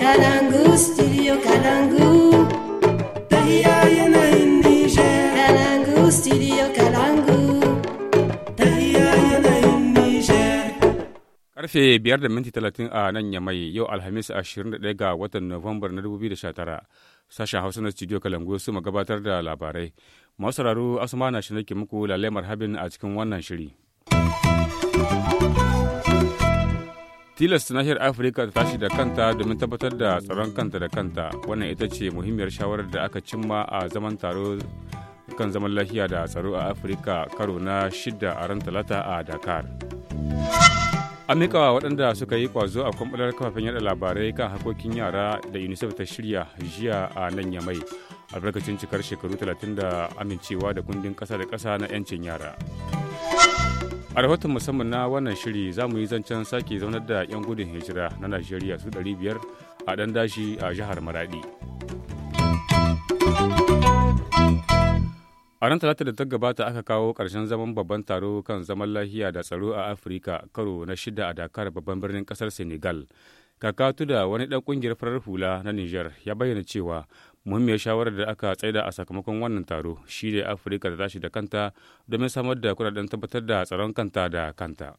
studio Karfe biyar da minti talatin a nan Yamai yau Alhamis 21 ga watan Nuwambar na 2019. Sashen Hausa na Studio Kalangu su gabatar da labarai. Masu sauraro Asuma na shi ke muku lalle marhabin a cikin wannan shiri. Tilas nahiyar Afirka ta tashi da kanta domin tabbatar da tsaron kanta da kanta. Wannan ita ce muhimmiyar shawarar da aka cimma a zaman taro kan zaman lafiya da tsaro a Afirka karo na shida a ran talata a Dakar. amurkawa waɗanda suka yi kwazo a kwamfular kafafen yada labarai kan harkokin yara da unicef ta shirya jiya a nan yamai albarkacin cikar shekaru talatin da amincewa da kundin ƙasa da ƙasa na 'yancin yara. a rahoton musamman na wannan shiri za mu yi zancen sake zaunar da 'yan gudun hijira na najeriya su 500 a dan dashi a jihar maradi a ran talata da ta gabata aka kawo ƙarshen zaman babban taro kan zaman lahiya da tsaro a afirka karo na shida a dakar babban birnin ƙasar senegal kakatu da wani ɗan ƙungiyar farar hula na niger ya bayyana cewa muhimmiyar shawarar da aka tsaida a sakamakon wannan taro shi ne afirka da tashi da kanta domin samar da kudaden tabbatar da tsaron kanta da kanta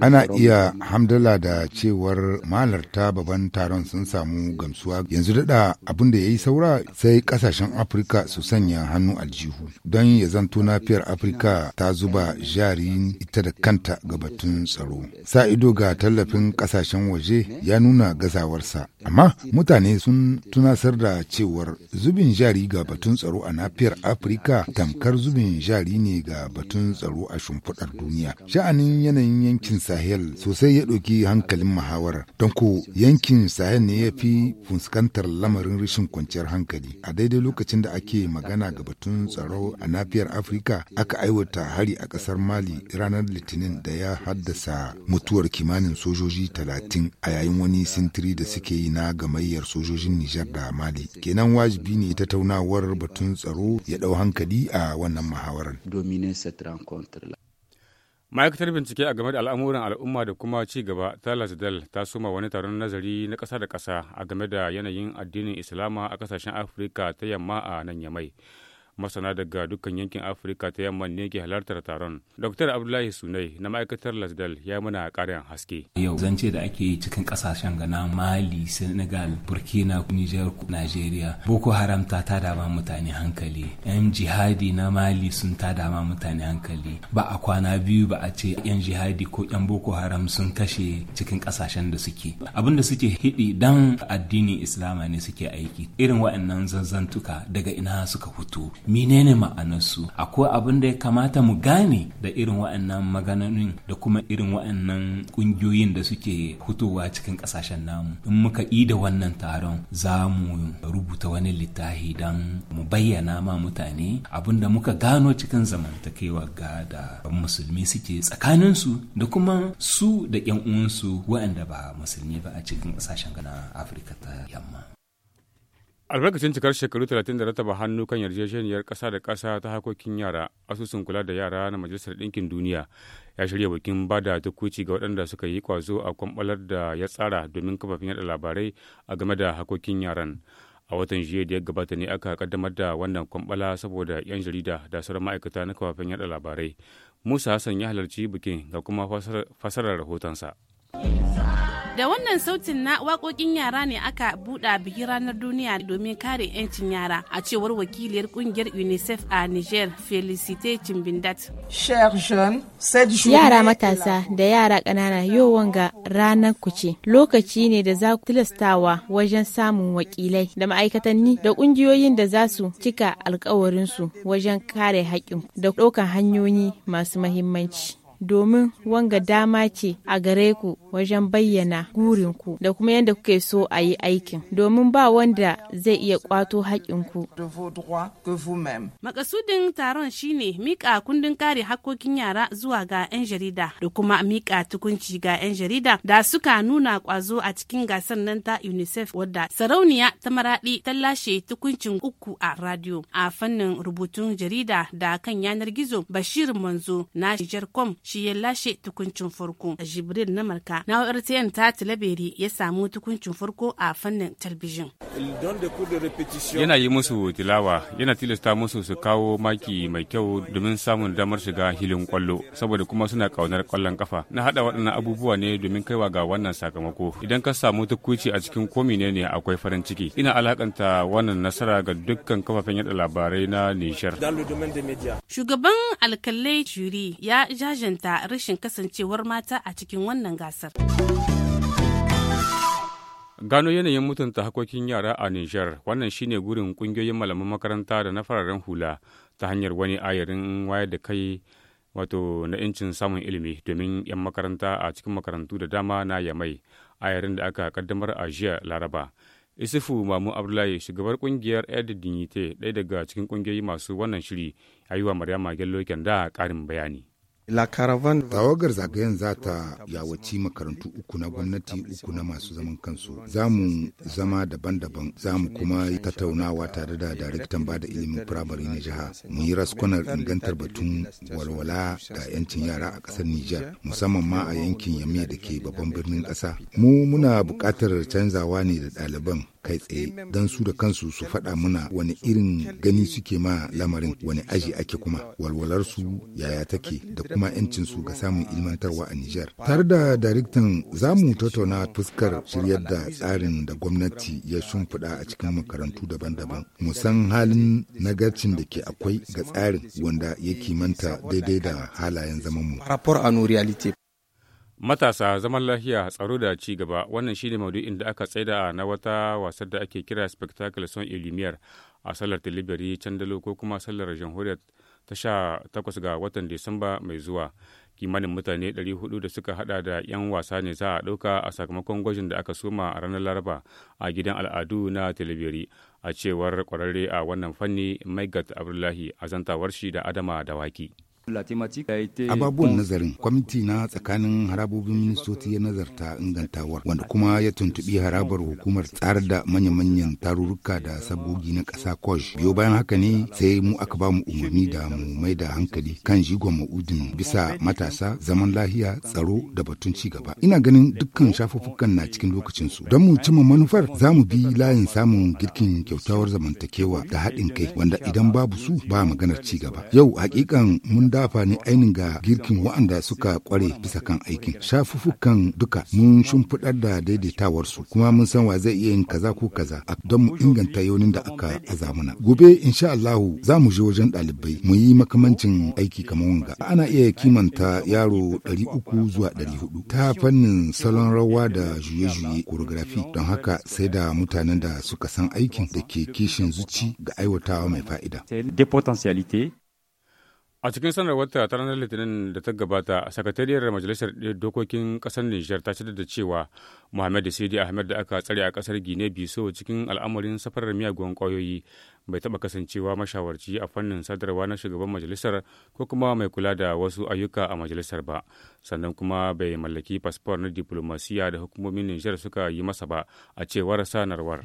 Ana iya hamdala da cewar malarta babban taron sun samu gamsuwa yanzu daɗa abin da ya yi saura sai kasashen Afirka su sanya hannu aljihu don ya zanto nafiyar Afirka ta zuba jari ita da kanta ga batun tsaro. Sa ido ga tallafin kasashen waje ya nuna gazawarsa. Amma mutane sun tunasar da cewar zubin jari ga batun tsaro a nafiyar Afirka tamkar zubin jari ne ga batun tsaro a shimfiɗar duniya. Sha'anin yanayin yankin Sahel sosai ya ɗauki hankalin muhawarar. Don ko yankin Sahel ne ya fi fuskantar lamarin rashin kwanciyar hankali. A daidai lokacin da ake magana ga batun tsaro a nafiyar Afirka aka aiwata hari a ƙasar Mali ranar Litinin da ya haddasa mutuwar kimanin sojoji talatin a yayin wani sintiri da suke yi na gamayyar sojojin Nijar da Mali. Kenan wajibi ne tattaunawar batun tsaro ya ɗau hankali a wannan muhawarar. ma'aikatar bincike a game da al'amuran al'umma da kuma ci gaba ta lasdal ta suma wani taron nazari na ƙasa da ƙasa a game da yanayin addinin islama a ƙasashen afirka ta yamma a nan yamai masana daga dukkan yankin afirka ta yamma ne ke halartar taron dr abdullahi sunai na ma'aikatar lasdal ya mana karin haske yau zance da ake cikin kasashen gana mali senegal burkina niger nigeria boko haram ta tada ma mutane hankali yan jihadi na mali sun tada ma mutane hankali ba a kwana biyu ba a ce yan jihadi ko yan boko haram sun kashe cikin kasashen da suke abin da suke hidi dan addinin islama ne suke aiki irin waɗannan zanzantuka daga ina suka fito menene ma'anarsu akwai abin da ya kamata mu gane da irin wa'annan maganonin da kuma irin wa'annan ƙungiyoyin da suke fitowa cikin ƙasashen namu in muka yi da wannan taron za mu rubuta wani littafi dan mu bayyana ma mutane abin da muka gano cikin zamantakewa ga da musulmi suke tsakaninsu da kuma su da 'yan uwansu waɗanda ba musulmi ba a cikin ƙasashen gana afirka ta yamma albarkacin cikar shekaru 30 da rataba hannu kan yarjejeniyar ƙasa da ƙasa ta hakokin yara asusun kula da yara na majalisar ɗinkin duniya ya shirya bikin ba da tukuci ga waɗanda suka yi kwazo a kwamɓalar da ya tsara domin kafafin yada labarai a game da hakokin yaran a watan jiya da ya gabata ne aka kaddamar da wannan kwamɓala saboda 'yan jarida da sauran ma'aikata na kafafin yada labarai musa hassan ya halarci bikin ga kuma fasarar rahotonsa. Da wannan sautin na wakokin yara ne aka buɗa biki ranar duniya domin kare 'yancin yara a cewar wakiliyar kungiyar UNICEF a Niger Felicite Chimbindat. Yara matasa da yara ƙanana yawan wanga ranar ku ce lokaci ne da za ku tilastawa wajen samun wakilai da ma'aikatanni da ƙungiyoyin da za su cika alkawarinsu wajen kare haƙƙin da ɗaukan hanyoyi masu mahimmanci. domin wanga dama ce a gare ku wajen bayyana gurinku da kuma yadda kuke so a yi aikin domin ba wanda zai iya kwato haƙinku. Makasudin taron shine mika kundin kare hakkokin yara zuwa ga 'yan jarida da kuma mika tukunci ga 'yan jarida da suka nuna kwazo a cikin gasar nan ta UNICEF wadda sarauniya ta maraɗi ta lashe tukuncin uku a radio a fannin rubutun jarida da kan yanar gizo Bashir Manzo na shi ya lashe tukuncin farko a jibril na marka na rtn ta tilaberi ya samu tukuncin farko a fannin talbijin yana yi musu tilawa yana tilasta musu su kawo maki mai kyau domin samun damar shiga hilin kwallo saboda kuma suna kaunar kwallon kafa na hada waɗannan abubuwa ne domin kaiwa ga wannan sakamako idan ka samu tukuci a cikin komi ne ne akwai farin ciki ina alakanta wannan nasara ga dukkan kafafen yada labarai na nishar shugaban alkalai juri ya jajanta hukunta rashin kasancewar mata a cikin wannan gasar. Gano yanayin mutunta hakokin yara a Nijar wannan shine gurin kungiyoyin malaman makaranta da na fararen hula ta hanyar wani ayarin wayar da kai wato na incin samun ilimi domin 'yan makaranta a cikin makarantu da dama na yamai ayarin da aka kaddamar a jiya laraba. Isufu Mamu Abdullahi shugabar kungiyar Ed Dignité ɗaya daga cikin kungiyoyi masu wannan shiri ya yi wa Maryama Gello da karin bayani. Tawagar zagayen za ta yawaci makarantu uku na gwamnati uku na masu zaman kansu. Za mu zama daban-daban, za mu kuma yi tattaunawa tare da daraktan bada ilimin firamare na jiha. Mu yi raskunar ingantar batun walwala da 'yancin yara a ƙasar Nijar, musamman ma a yankin Yame da ke babban birnin ƙasa. Mu muna buƙatar canzawa ne da ɗaliban kai tsaye don su da kansu su faɗa muna wani irin gani suke ma lamarin wani aji ake kuma walwalarsu su yaya take da kuma yancin su ga samun ilmantarwa a Nijar. Tare da daraktan za mu tattauna fuskar shiryar da tsarin da gwamnati ya shimfiɗa a cikin makarantu daban-daban. Mu san halin nagarcin da ke akwai ga tsarin wanda ya manta daidai da halayen zamanmu. Matasa zaman lafiya tsaro da ci gaba wannan shine maudu'in da aka tsaida na wata wasar da ake kira spectacle son ilimiyar a sallar can candalo ko kuma sallar jamhuriyar ta sha takwas ga watan Disamba mai zuwa. Kimanin mutane 400 da suka hada da 'yan wasa ne za a dauka a sakamakon gwajin da aka soma a ranar Laraba a gidan al'adu na tilibiri a cewar kwararre a wannan fanni Maigat Abdullahi a zantawar shi da Adama da Dawaki. ababuwan nazarin kwamiti na tsakanin harabobin ministoci ya nazarta ingantawar wanda kuma ya tuntubi harabar hukumar tsar da manya-manyan tarurruka da sabogi na ƙasa kosh biyo bayan haka ne sai mu aka ba mu umarni da mu mai da hankali kan jigon ma'udin bisa matasa zaman lahiya tsaro da batun ci gaba ina ganin dukkan shafuffukan na cikin lokacinsu don mu cimma manufar za mu bi layin samun girkin kyautawar zamantakewa da haɗin kai wanda idan babu su ba maganar ci gaba yau hakikan mun dafa ne ainihin ga girkin wa'anda suka kware bisa kan aikin shafuffukan duka mun shimfiɗar da daidaitawar su kuma mun san wa zai iya yin kaza ko kaza a don mu inganta yaunin da aka aza mana gobe insha Allahu za mu je wajen ɗalibai mu yi makamancin aiki kamar wanga ana iya kimanta yaro 300 zuwa ɗari 400 ta fannin salon rawa da juye-juye choreography don haka sai da mutanen da suka san aikin da ke kishin zuci ga aiwatawa mai fa'ida. A cikin sanar wata ta ranar Litinin da ta gabata, sakatariyar Majalisar Dokokin Ƙasar Nijar ta shaidar da cewa Muhammad Sidi Ahmed da aka tsare a ƙasar Gine Biso cikin al'amarin safarar miyagun kwayoyi bai taɓa kasancewa mashawarci a fannin sadarwa na shugaban majalisar ko kuma mai kula da wasu ayyuka a majalisar ba, sannan kuma bai mallaki fasfor na diplomasiya da hukumomin Nijar suka yi masa ba a cewar sanarwar.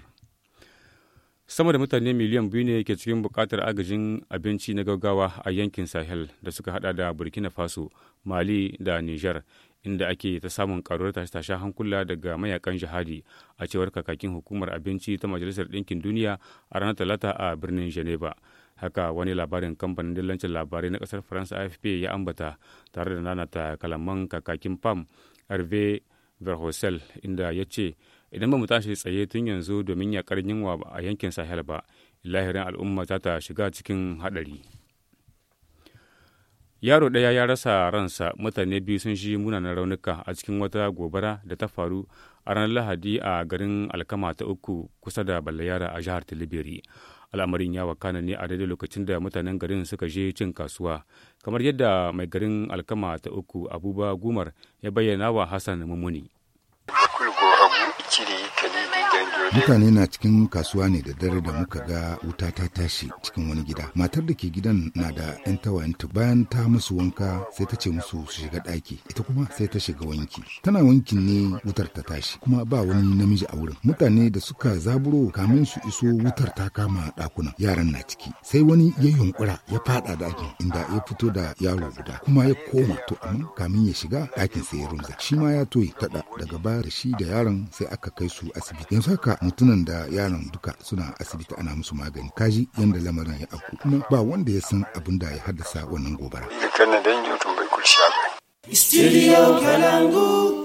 sama da mutane miliyan biyu ne ke cikin bukatar agajin abinci na gaggawa a yankin sahel da suka hada da burkina faso mali da niger inda ake ta samun karuwar tashe-tashen hankula daga mayakan jihadi a cewar kakakin hukumar abinci ta majalisar ɗinkin duniya a ranar talata a birnin geneva haka wani labarin kamfanin dillancin labarai na ƙasar faransa afp ya ambata tare da nanata kalaman kakakin pam hervé verhosel inda ya ce idan ba mu tashi tsaye tun yanzu domin yakar yunwa a yankin sahel ba lahirin al'umma za ta shiga cikin haɗari yaro ɗaya ya rasa ransa mutane biyu sun shi munanan raunuka a cikin wata gobara da ta faru a ranar lahadi a garin alkama ta uku kusa da balayara a jihar tilibiri al'amarin ya wakana ne a daidai lokacin da mutanen garin suka je cin kasuwa kamar yadda mai garin alkama ta uku abuba gumar ya bayyana wa hassan mumuni 距离肯定，肯定。Mutane na cikin kasuwa ne da dare da muka ga wuta ta tashi cikin wani gida. Matar da ke gidan na da 'yan tawayanta bayan ta musu wanka sai ta ce musu su shiga ɗaki. Ita kuma sai ta shiga wanki. Tana wankin ne wutar ta tashi kuma ba wani namiji a wurin. Mutane da suka zaburo kamin su iso wutar ta kama dakuna yaran na ciki. Sai wani ya yunkura ya faɗa ɗakin inda ya fito da yaro guda kuma ya koma to amma kamin ya shiga ɗakin sai ya runza Shi ma ya toyi taɗa daga baya da shi da yaron sai aka kai su asibiti. Yanzu haka haka da yaran duka suna asibiti ana musu magani kaji yadda lamarin ya afku kuma ba wanda ya san abin da ya haddasa wannan gobara. Studio Kalangu.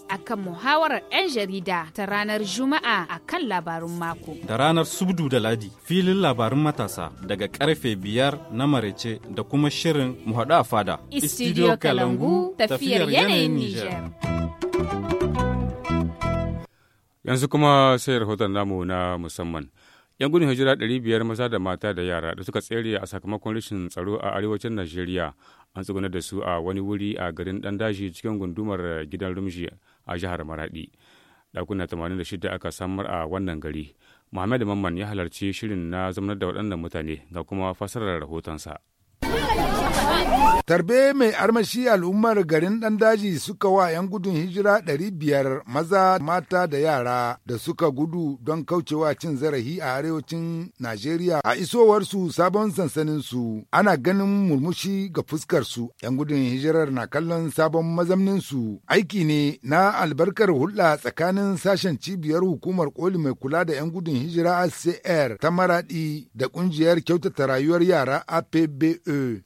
akan muhawarar 'yan jarida ta ranar Juma'a a kan labarun mako. Da ranar Subdu da Ladi filin labarun matasa daga karfe biyar na marece da kuma shirin muhaɗu a fada. Istidiyo Kalangu tafiyar yanayin Nijar. Yanzu kuma sai rahoton namu na musamman. 'yan gudun hijira 500 maza da mata da yara da suka tsere a sakamakon rashin tsaro a arewacin najeriya an tsugune da su a wani wuri a garin dan dashi cikin gundumar gidan rumshi a jihar maradi ɗakuna 86 aka samar a wannan gari muhammad mamman ya halarci shirin na zama da waɗannan mutane ga kuma fasarar rahotonsa Tarbe mai armashi al'ummar garin ɗan daji suka wa 'yan gudun hijira ɗari biyar maza, mata da yara da suka gudu don kaucewa cin zarafi a arewacin Najeriya a isowarsu sabon sansanin su ana ganin murmushi ga fuskarsu 'yan gudun hijirar na kallon sabon mazamninsu aiki ne na albarkar hulɗa tsakanin sashen cibiyar hukumar koli mai kula da 'yan gudun hijira ACR ta maraɗi da ƙungiyar kyautata rayuwar yara APBE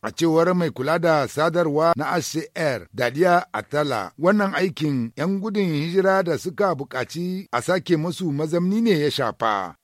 a cewar cewar mai kula da sadarwa na ACR Dadiya Atala. Wannan aikin 'yan gudun hijira da suka buƙaci a sake musu mazamni ne ya shafa.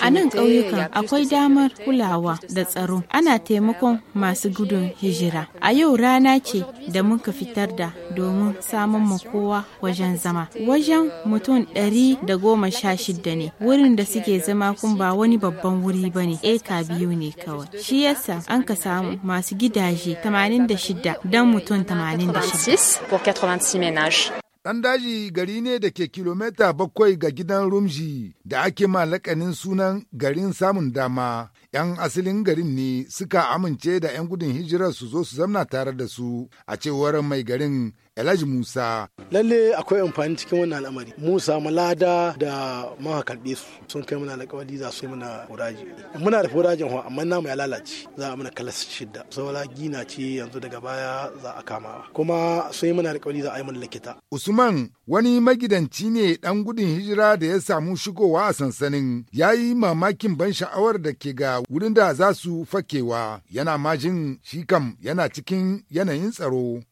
A nan ƙauyukan akwai damar kulawa da tsaro. Ana taimakon masu gudun hijira. A yau rana ce da muka fitar da domin samun ma kowa wajen zama. Wajen mutum ɗari da goma sha shida ne. Wurin da suke zama kun ba wani babban wuri ba ne. Eka biyu ne kawai. Shi yasa an ka samu masu gidaje 86 don mutum 86. Ɗan daji gari ne da ke kilomita bakwai ga gidan Rumji da ake malakanin sunan garin samun dama. 'Yan asalin garin ne suka amince da 'yan gudun hijirar su zo su zamna tare da su a cewar mai garin elaji Musa. Lalle akwai amfani cikin wannan al'amari. Musa Malada da maka karɓe su sun kai mana alƙawari za su yi mana furaji. Muna da furajin hawa amma namu ya lalace za a mana kalas shidda. Saura gina ce yanzu daga baya za a kama. Kuma sun yi mana alƙawari za a yi mana likita. Usman wani magidanci ne ɗan gudun hijira da ya samu shigowa a sansanin ya yi mamakin ban sha'awar da ke ga wurin da za su fakewa yana majin shi kam yana cikin yanayin tsaro.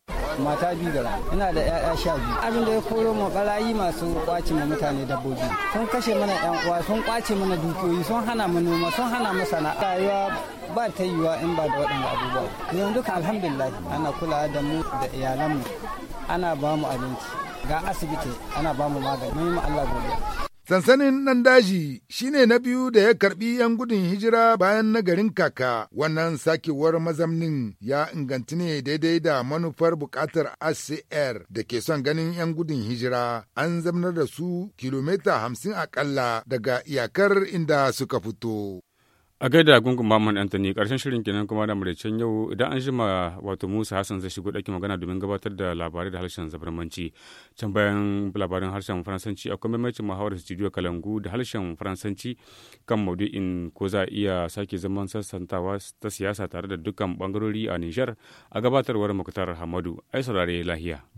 mata biyu gara ina da 'ya'ya sha biyu abin da ya koro mu barayi masu kwace ma mutane dabbobi sun kashe mana 'yan uwa sun kwace mana dukiyoyi sun hana mu noma sun hana mu sana'a rayuwa ba ta yiwuwa in ba da waɗanda abubuwa yanzu duka alhamdulillah ana kula da mu da iyalanmu ana ba mu abinci ga asibiti ana ba mu magani mu Allah godiya Sansanin ɗan daji ne na biyu da ya karbi 'yan gudun hijira bayan na garin kaka wannan sakewar mazamnin ya inganci ne daidai da manufar buƙatar ACR da ke son ganin 'yan gudun hijira an zamnar da su kilomita hamsin akalla daga iyakar inda suka fito. a gaida gungun maman anthony karshen shirin kenan kuma da maraicen yau idan an jima wato musa hassan zai shigo ɗakin magana domin gabatar da labarai da harshen zabarmanci can bayan labarin harshen faransanci akwai maimacin muhawarar studio kalangu da harshen faransanci kan maudu'in ko za a iya sake zaman sassantawa ta siyasa tare da dukkan bangarori a nijar a gabatarwar muktar hamadu ai saurare lahiya